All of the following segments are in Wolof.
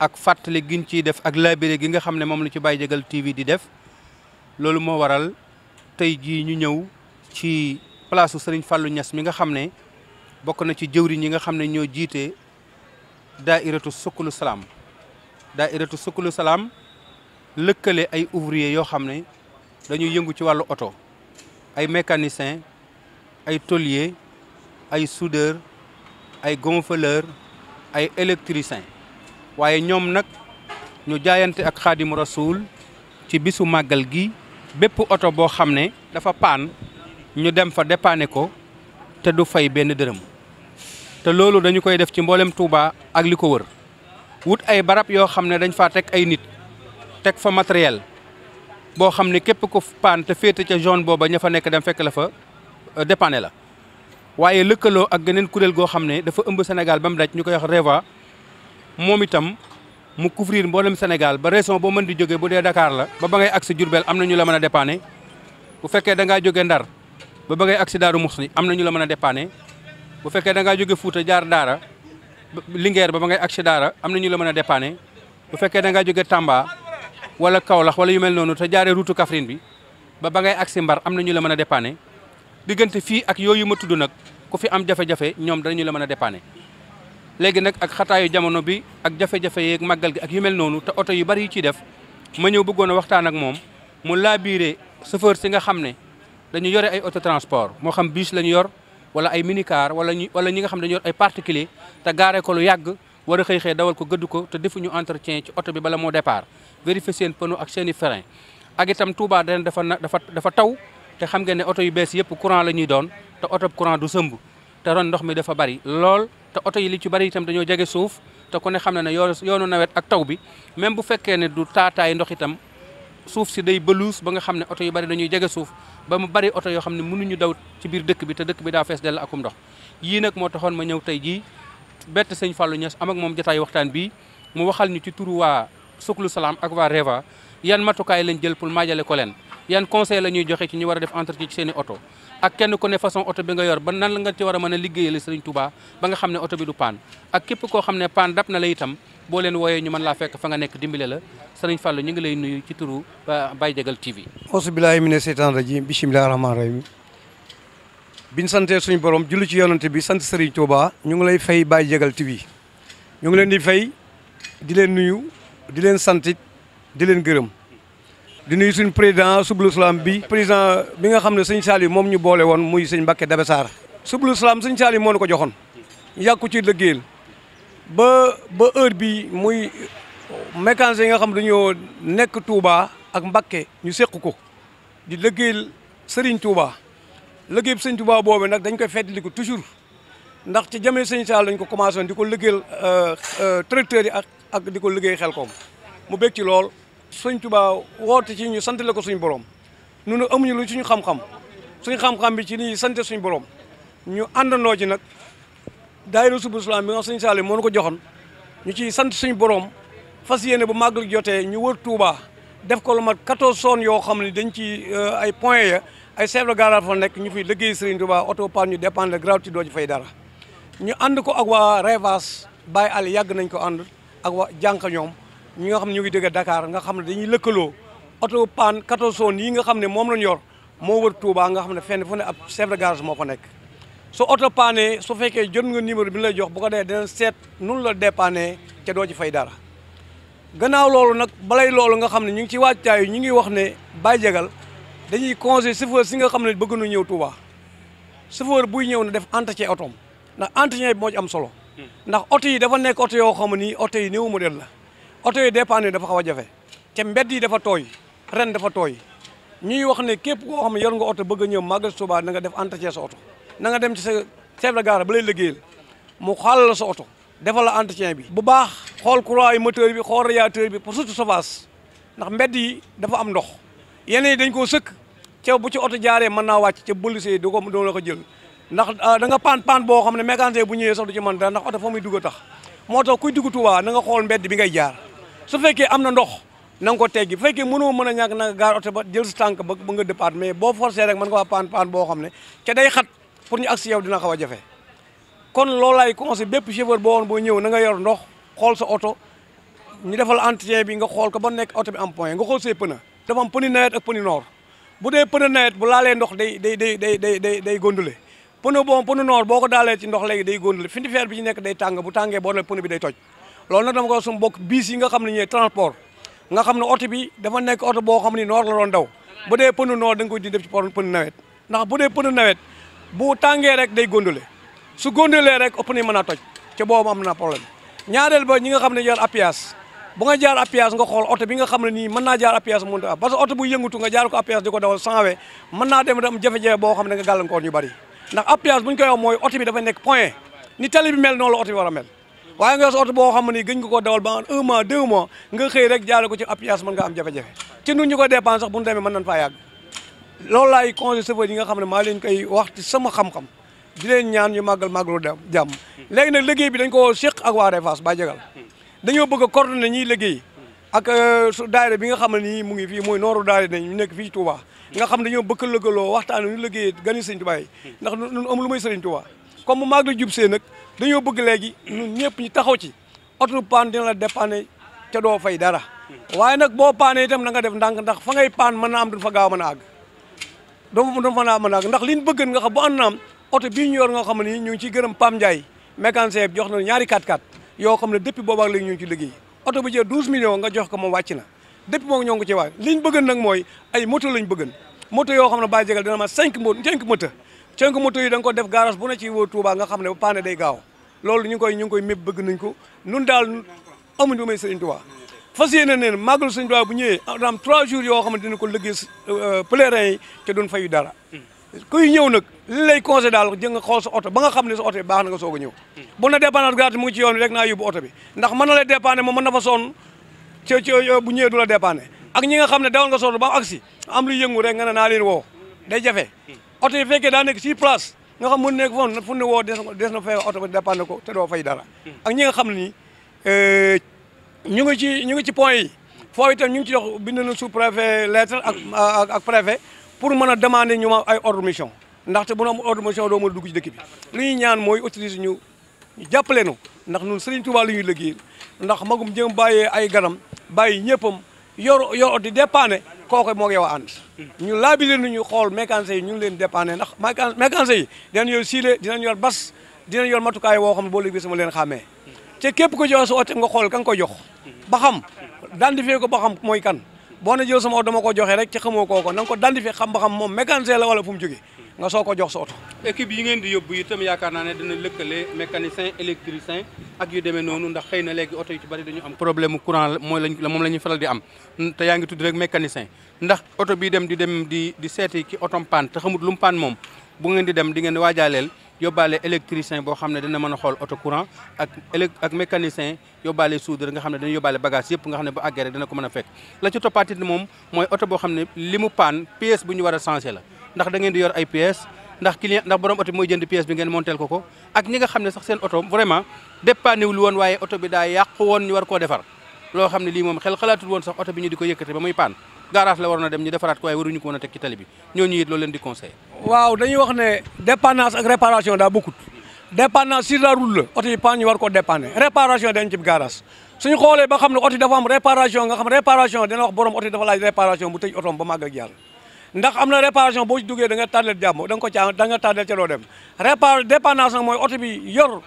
ak fàttali gi ñu ciy def ak labiré gi nga xam ne moom la ci Baye Diagal TV di def loolu moo waral tey jii ñu ñëw ci place Serigne Fallou Niass mi nga xam ne bokk na ci jëwriñ yi nga xam ne ñoo jiite daairatu sukkulu salaam daa daairatu sukkulu salaam lëkkale ay ouvrier yoo xam ne dañuy yëngu ci wàllu oto ay mécanicien ay tôlier ay soudeur ay gonfleur ay électricien waaye ñoom nag ñu jaayante ak xaadim rasul ci bisu màggal gi bépp oto boo xam ne dafa paan ñu dem fa dépanner ko te du fay benn dërëm te loolu dañu koy def ci mboolem Touba ak li ko wër wut ay barab yoo xam ne dañ faa teg ay nit teg fa matériel boo xam ne képp ku paan te féete ca zone booba ña fa nekk dem fekk la fa euh, dépanner la waaye lëkkaloo ak geneen kuréel goo xam ne dafa ëmb Sénégal ba mu daj ñu koy wax REVA momitam mu couvrir mbolam Sénégal ba raison bo meun di jógee bu Dakar la ba ba ngay axe djourbel amna na ñu la mën a bu fekkee da nga jógee Ndar ba ba ngay axe Daaru Muxti amna na ñu la mën depane. bu fekkee da nga jógee Fuuta jaar Daara Linguère ba ba ngay axe Daara amna ñu la mën a bu da nga Tamba wala kaolax wala yu mel nonu ta jaaré route Kaffrine bi ba ba ngay axe Mbar amna ñu la mën a dépanner fi ak yoyu ma tuddu nak ku fi am jafe ñom ñoom ñu la mën a léegi nag ak xataayu jamono bi ak jafe-jafe yeeg màggal gi ak yu noonu te oto yu bari yu ciy def ma ñëw bëggoon a waxtaan ak moom mu laabiire chauffeur si nga xam ne dañu yore ay auto transport moo xam bus lañu yor wala ay minicar wala ñu wala ñi nga xam dañu yor ay particulier te gaare ko lu yàgg war a xëy xëy dawal ko gëdd ko te defuñu entretien ci oto bi bala moo départ vérifier seen pneu ak seeni i ak itam Touba den dafa dafa dafa taw te xam ngeen ne oto yu bees yëpp courant la ñuy doon te oto courant du sëmb te ron ndox mi dafa bari lool te oto yi li ci bari itam dañoo jege suuf te ku ne xam na yoo ne yoonu nawet ak taw bi même bu fekkee ne du taataay ndox itam suuf si day bëluus ba nga xam ne oto yi bari dañuy jege suuf ba mu bari oto yoo xam ne mënuñu daw ci biir dëkk bi te dëkk bi daa fees dell akum ndox yii nag moo taxoon ma ñëw tey jii bett sëñ Fallou Niass am ak moom jataay waxtaan bi mu waxal ñu ci turu waa Suklu Salaam ak waa Reva yan matukaay lañ jël pour maajale ko leen yan conseil lañuy ñuy joxe ci ñu wara def entretien ci seen auto ak kenn ku ne façon auto bi nga yor ba nan la nga ci wara mëna liggéeyal Serigne Touba ba nga xam auto bi du pan ak képp ko xam pan dab na la itam bo len woyé ñu mën la fekk fa nga nekk dimbilé la Serigne Fallou ñi ngi lay nuyu ci turu Baye Degal TV. auzu billahi mina seytaan rajim bismillaahi rahmaani rahim biñ santé suñu borom jullu ci yonenté bi sante Serigne Touba ñu ngi lay fay Baye Degal TV ñu ngi len di fay di len nuyu di len santit di len gërëm di nuyu président sublu salaam bi président bi nga xam ne sëñ Saliou moom ñu boole woon muy sëñ Mbacké Dabe Sarr sublu salaam sëñ sali moo nu ko joxoon yàgg ko ci liggéeyal ba ba heure bi muy mécanicien yi nga xam dañoo nekk Touba ak Mbacké ñu seq ko di liggéeyal Serigne Touba liggéey sëñ Touba boobu nag dañ koy fàttali ko toujours ndax ci jamono sëñ Sall lañ ko commencé di ko liggéeyal euh, euh, tracteurs yi ak ak di ko liggéey xel koom mu bég ci lool sëñ Tuubaa woote ci ñu sant ko suñu borom ñun amuñu lu suñu xam-xam suñu xam-xam bi ci ni ñuy sant suñu borom ñu àndandoo ci nag daayira Subul Salaam bi nga xam sëñ moo nu ko joxoon ñu ciy sant suñu borom fas yéene bu màggal jotee ñu wër Touba def ko lu mat 14 zones yoo xam ne dañ ci euh, ay points ya ay chef de fa nekk ñu fiy liggéey Serigne Touba oto pan ñu dépendre gratuit doo ci fay dara ñu ànd ko ak waa Revas Baye Ali yàgg nañ ko ànd ak waa jànq ñoom. ñi nga xam ñu ngi dëgg dakaar nga xam ne dañuy lëkkaloo oto panne 14 tonnes yi nga xam ne moom lañ yor moo wër Touba nga xam ne fenn fu ne ab chef de garage moo fa nekk soo oto paane su fekkee jot nga numéro bi ñu lay jox bu ko dee dina seet nunu la dépanne ca doo ci fay dara gannaaw loolu nag balay loolu nga xam ne ñu ngi ci waajtaay ñu ngi wax ne bàyyi dañuy conseil chauffeur si nga xam ne bëgg na ñëw Touba chauffeur buy ñëw na def entretien otoom ndax entretien bi moo am solo hmm. ndax oto yi dafa nekk oto yoo xam ne nii oto yi néew modèle la auto yi dépanne dafa xawa jafé té mbéd yi dafa toy ren dafa toy ñuy wax né képp ko xam yor nga auto bëgg ñëw magal suba na nga def entretien sa auto na nga dem ci sa chef de gare ba lay liggéeyal mu xal la sa auto defal la entretien bi bu baax xol croix yi moteur bi xol radiateur bi pour surtout surface ndax mbéd yi dafa am ndox yene dañ ko sëkk ci bu ci auto jaaré mën naa wàcc ca bëlisee du ko doo la ko jël ndax ah, da nga pan pan bo xam mécanicien bu ñëwé sax du ci mën da ndax auto fa muy dugg tax moto kuy dugg tuwa na nga xol mbéd bi ngay jaar su fekkee am na ndox na ko teggi bu fekkee mënoo mën a ñàkk na nga gaar oto ba jël sa tànk ba ba nga départ mais boo forcé rek mën nga waa paan paan boo xam ne te day xat pour ñu agsi yow dina xaw a jafe kon loolaay conseil bépp chauffeur boo woon boo ñëw na nga yor ndox xool sa oto ñu defal entretien bi nga xool ko ba nekk oto bi am point nga xool say pneu dafa am pneu nawet noor dee pneu nawet bu laalee ndox day day day day day day day gondule pneu bon pneu boo ko daalee ci ndox léegi day gondule fi ndi feer bi tàngee boo ne pneu bi toj loolu nag dama ko sum bokk biis nga xam ne ñooy transport nga xam ne oto bi dafa nekk oto boo xam ne noor la doon daw bu dee pënu noor da nga koy ndax bu dee pënu nawet bu tàngee rek day gondole su gondolee rek a na problème ñaareel ne jaar appuyage bu nga jaar appuyage nga xool oto nga xam ne nii mën naa jaar appuyage mënut a parce que oto bu yëngatu nga jaar ko appuyage di ko dawal sanwe mën naa dem jafe-jafe boo xam ne nga gàllankoor ñu bari ndax appuyage bu ñu koy wax mooy oto bi dafa nekk point ni tali bi mel noonu la oto waaye nga yor boo xam ne gën nga koo dawal ba un mois deux nga xëy rek jaale ko ci ab pièce mën nga am jafe-jafe ci nun ñu ko dépense sax bu ñu demee mën nañ faa yàgg loolu laay conseil chauffeur yi nga xam ne maa leen koy wax ci sama xam di leen ñaan ñu màggal màggalu jàmm léegi nag liggéey bi dañ ko séq ak waa Réfas ba jegal dañoo bëgg a coordonné ñiy liggéey ak euh, su daayira bi nga xam ne nii mu ngi fii mooy nooru daayira ñu nekk fi Touba nga xam dañoo bëgg lëkkaloo waxtaan ñu gan gani Sëriñ Touba yi ndax ñun amul lu may Sëriñ Touba comme bu maag la jub see nag dañoo bëgg léegi ñun ñëpp ñu taxaw ci oto paan dina la dépanner te doo fay dara waaye nag boo paane itam na nga def ndànk ndax fa ngay paan mën na am du fa gaaw mën a àgg doo do fa naa mën a àgg ndax liñ bëgg nga xam bu ànd naam oto bii ñu yor nga xam ne ñu ciy gërëm Pam Ndiaye mécanicien bi jox na ñaari 4x4 yoo xam ne depuis boobaak léegi ñu ngi oto bu jee 12 millions nga jox ko moom wàcc na depuis moom ñoo ngi ko ci waay liñ bëggan nag mooy ay moto lañ bëggan moto yoo xam ne bàyyi jégal dina ma 5 mo 5 moto cënk moto yi da ko def garage bu ne ci woo Touba nga xam ne ba paane day gaaw loolu ñu ngi koy ñu ngi koy méb bëgg nañ ko nun daal amuñu may Serigne Touba fas yoo xam ne ko liggéey euh, pèlerins yi te doon fayu dara kuy ñëw nag li lay conseillé daal sa oto ba nga xam ne sa oto baax na a na dépannage gratuit mu ngi ci yoon rek naa bi ndax mën na lay dépanné moom mën na fa sonn ci bu ñëwee du la ak ñi nga xam ne dawal nga sonn ba agsi am lu yëngu rek nga naa leen woo day jafe oto yi fekkee daa nekk place nga xam mën nekk foofu fu ne woo des na fay oto ba ko te doo fay dara ak ñi nga xam ni euh, ñu ngi ci ñu ngi ci point yi foofu itam ñu ngi ci dox bind na sous préfet lettre ak ak préfet pour mën a demander ñu ay ordre mission ndaxte bu ñu am ordre mission doo mën a dugg ci dëkk bi li ñaan mooy autorise ñu jàppale nu ndax ñun seriñ Touba li ñuy liggéey ndax magum jëm bàyyee ay ganam bàyyi ñëppam yor yor di dépanne kooku moo yow ànd ñu laabile nu ñu xool mécanicien yi ñu ngi leen dépanner ndax mécanicien yi dinañ yor siile dinañ yor bas dinañ yor matukaay woo xam ne boo léegi sama leen xàmmee te képp ko jox sa oto nga xool ka nga ko jox ba xam daan defee ko ba xam mooy kan boo ne jël sama oto ma ko joxe rek ci xamoo kooko na nga ko dandi fi xam ba xam moom mécanicien la wala fu mu nga soo ko jox sa oto équipe yi ngeen di yóbbu tam yaakaar naa ne dina lëkkale mécanicien électricien ak yu demee noonu ndax xëy na léegi oto yu ci bari dañu am problème mu courant mooy lañ moom la ñuy faral di am te yaa ngi tudd rek mécanicien ndax oto bii dem di dem di di seeti ki otom panne te xamut lu mu moom bu ngeen di dem di ngeen waajaaleel yóbbaale électricien boo xam ne dina mën a xool oto courant ak ak mécanicien yóbbaale suudar nga xam ne dana yóbbaale bagage yëpp nga xam ne bu àggee rek dana ko mën a fekk la ci toppaatit moom mooy oto boo xam ne li paan pièce bu ñu war a changé la ndax da ngeen di yor ay pièces ndax client ndax borom oto bi mooy jënd pièce bi ngeen monteel ko ko ak ñi nga xam ne sax seen oto vraiment dépanniwul woon waaye oto bi daa yàq woon ñu war koo defar loo xam ne lii moom xel xalaatul woon sax oto bi ñu di ko yëkkate ba dépannage sur la route la oto yi panne ñu war ko dépanner réparation dañ ci garage suñu xoolee ba xam ne oto yi dafa am réparation nga xam réparation dina wax borom oto yi dafa laaj réparation bu tëj otoom ba màgg ak yàlla ndax am na réparation boo ci duggee da nga tardel jàmm da nga ko nga tardel ca doo dem répar dépannage nag mooy oto bi yor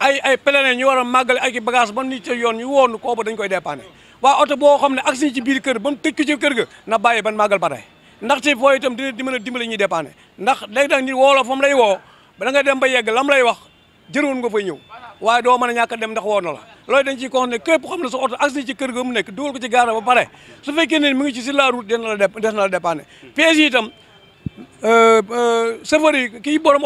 ay ay pèlerin ñu war a màggale ay bagage ba nit ca yoon ñu woon koobu dañ koy dépanner waa oto boo xam ne agsi ci biir kër ba mu ci kër na bàyyi ba tey ndax ci fooy itam dina dimbali dimbali ñuy dépanner ndax léegi nag nit woo la lay woo bala nga dem ba yegg lam lay wax jëroon nga fay ñëw waaye doo mën a ñàkk dem ndax woon na la loolu dañ ciy ne képp xam ne sa oto agsi ci kër ga mu nekk dugal ko ci gaara ba pare su fekkee ne mi ngi ci sur la route dina la des na la dépanne pièces yi itam euh, euh, chauffeur yi kii borom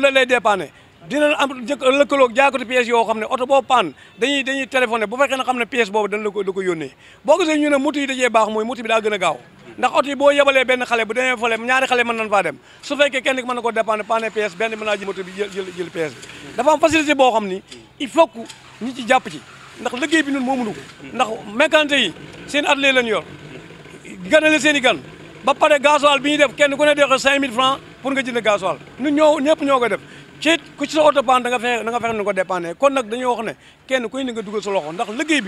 la lay dépanne dinañ am lëkkaloog jaakati pièces yoo xam ne oto boo paan dañuy dañuy téléphoné bu fekkee ne xam ne pièce boobu dañ la ko da ko yónnee boo gisee ñu ne moto yi dajee baax mooy moto bi daa gën a gaaw ndax oto yi boo yebalee benn xale bu demee fële ñaari xale mën nañ faa dem su fekkee kenn ki mën na ko dépendre paane pièce benn mën naa ji moto bi jël jël pièce bi am facilité boo xam ni il faut que ñu ci jàpp ci ndax liggéey bi ñun moo mënu ko ndax mécanicien yi seen atelier lañu yor ganale seen i gan ba pare gasoil bi ñuy def kenn ku ne dee ko 5000 francs pour nga jënd gasoil ñun ñoo ñëpp ñoo ko def ci ku ci sa oto paan da nga fexe da nga fexe ni ko dépanné kon nag dañoo wax ne kenn kuy ni nga dugal sa loxo ndax liggéey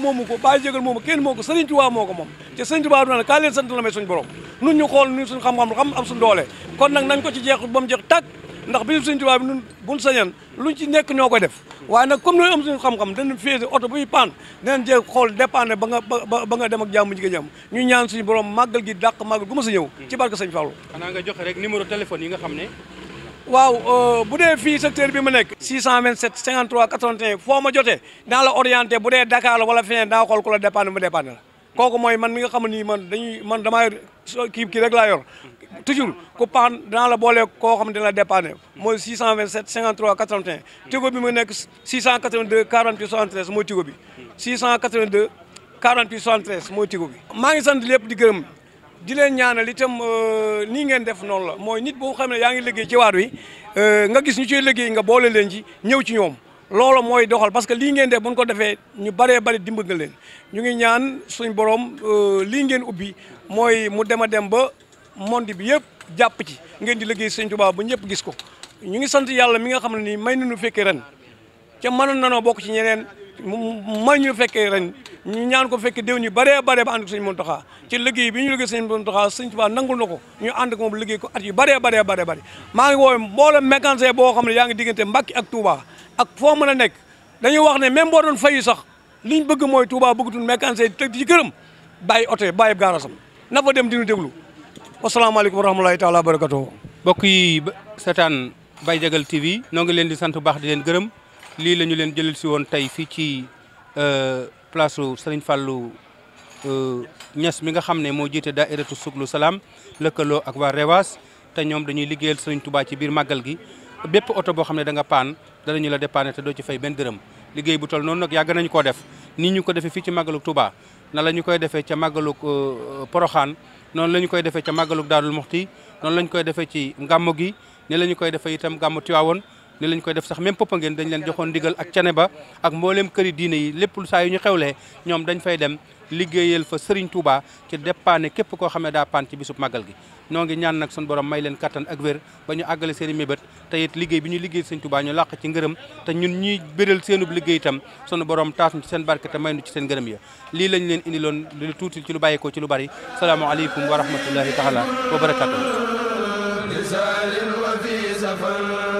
moomu ko bàyyi jégal moomu kenn moo ko Sëriñ Tuubaa moo ko moom te Sëriñ am suñ doole kon nag nañ ko ci jeex ba mu jeex tàkk ndax bi Sëriñ Tuubaa nun buñ sañan luñ ci nekk ñoo ko def waaye nag comme noonu am suñu xam-xam dañu féete oto buy paan dinañ jéeg xool dépanné ne nga ba nga dem ak jàmm jigéen jàmm ñu ñaan suñu borom màggal gi dàq màggal gu ma sa ñëw ci barke Sëriñ Fàllu xanaa nga joxe rek numéro téléphone yi nga xam ne waaw euh, bu dee fii secteur bi mu nekk. 627 53 81 foo ma jotee naa la orienté bu dee Dakar la wala feneen daa xool ku la dépendre mu dépendre la kooku mooy man mi nga xam ni man dañuy man damaa kii kii rek laa yor toujours ku paan danaa la boole koo xam ne dina la dépendre mooy 627 53 81. tigo bi mu nekk 682 48 73 mooy tigo bi. 682 48 73 mooy tigo bi. maa ngi sant lépp di gërëm. di leen ñaanal itam euh, nii ngeen def noon la mooy nit boo xam ne yaa ngi liggéey ci waat wi euh, nga gis ñu ciy liggéey nga boole leen ci ñëw ci ñoom loolo mooy doxal parce que lii ngeen def bu ñu ko defee ñu baree bari dimbal nga leen ñu ngi ñaan suñ borom euh, lii ngeen ubbi mooy mu dem a dem ba monde bi yëpp jàpp ci ngeen di liggéey sëñ Tuubaa ba ñëpp gis ko ñu ngi sant yàlla mi nga xam ne nii may nañu fekkee ren ca mënoon nanoo bokk ci ñeneen may ñu fekkee ren ñu ñaan ko fekk dew ñu baree baree ba ànd ko sëñ Muntaxa ci liggéey bi ñu liggéey sëñ Muntaxa sëñ Tuubaa nangul na ko ñu ànd ko moom liggéey ko at yu baree baree maa ngi woowe mboolem mécanicien boo xam ne yaa ngi diggante Mbàkke ak Touba ak foo mën a nekk dañuy wax ne même boo doon fayu sax liñ bëgg mooy Touba bëggatul mécanicien tëg ci gërëm bàyyi oto bay gaarasam na fa dem diñu déglu wasalaamaaleykum wa rahmatulahi taala wa barakatuh mbokk yi seetaan Baye Diagal TV noo ngi leen di sant baax di leen gërëm lii la ñu leen jëlal si woon tey fii ci euh, place Serigne Fallou euh, Niass mi nga xam ne moo jiite daairatu Suglu Salaam lëkkaloo ak waa Rewas te ñoom dañuy liggéeyal Serigne tubaa ci biir màggal gi bépp oto boo xam ne da nga paan danañu la dépanner te doo ci fay benn dërëm liggéey bu toll noonu nag yàgg nañu koo def nii ñu ko defee fii ci màggalug tubaa na la ñu koy defee ca màggalug euh, Poroxaan noonu la ñu koy defee ca màggalug Daarul Muxti noonu la ñu koy defee ci gàmmu gi ne la ñu koy defee itam gàmmu Tiwaawoon ni lañ koy def sax même Popenguine dañ leen joxoon ndigal ak Thiénaba ak mbooleem këri diine yi lépp lu saa yu ñu xewlee ñoom dañ fay dem liggéeyal fa Serigne Touba ci dépanne képp koo xam ne daa paan ci bisub màggal gi noo ngi ñaan nag sun borom may leen kattan ak wér ba ñu àggale seen i mébét te it liggéey bi ñu liggéey Serigne Touba ñu làq ci ngërëm te ñun ñuy béral seenub liggéey itam sunu borom taas ci seen barke te may nu ci seen ngërëm ya lii lañ leen indi tuuti ci lu bàyyikoo ci lu bari salaamaaleykum wa rahmatullahi taala wa barakatuh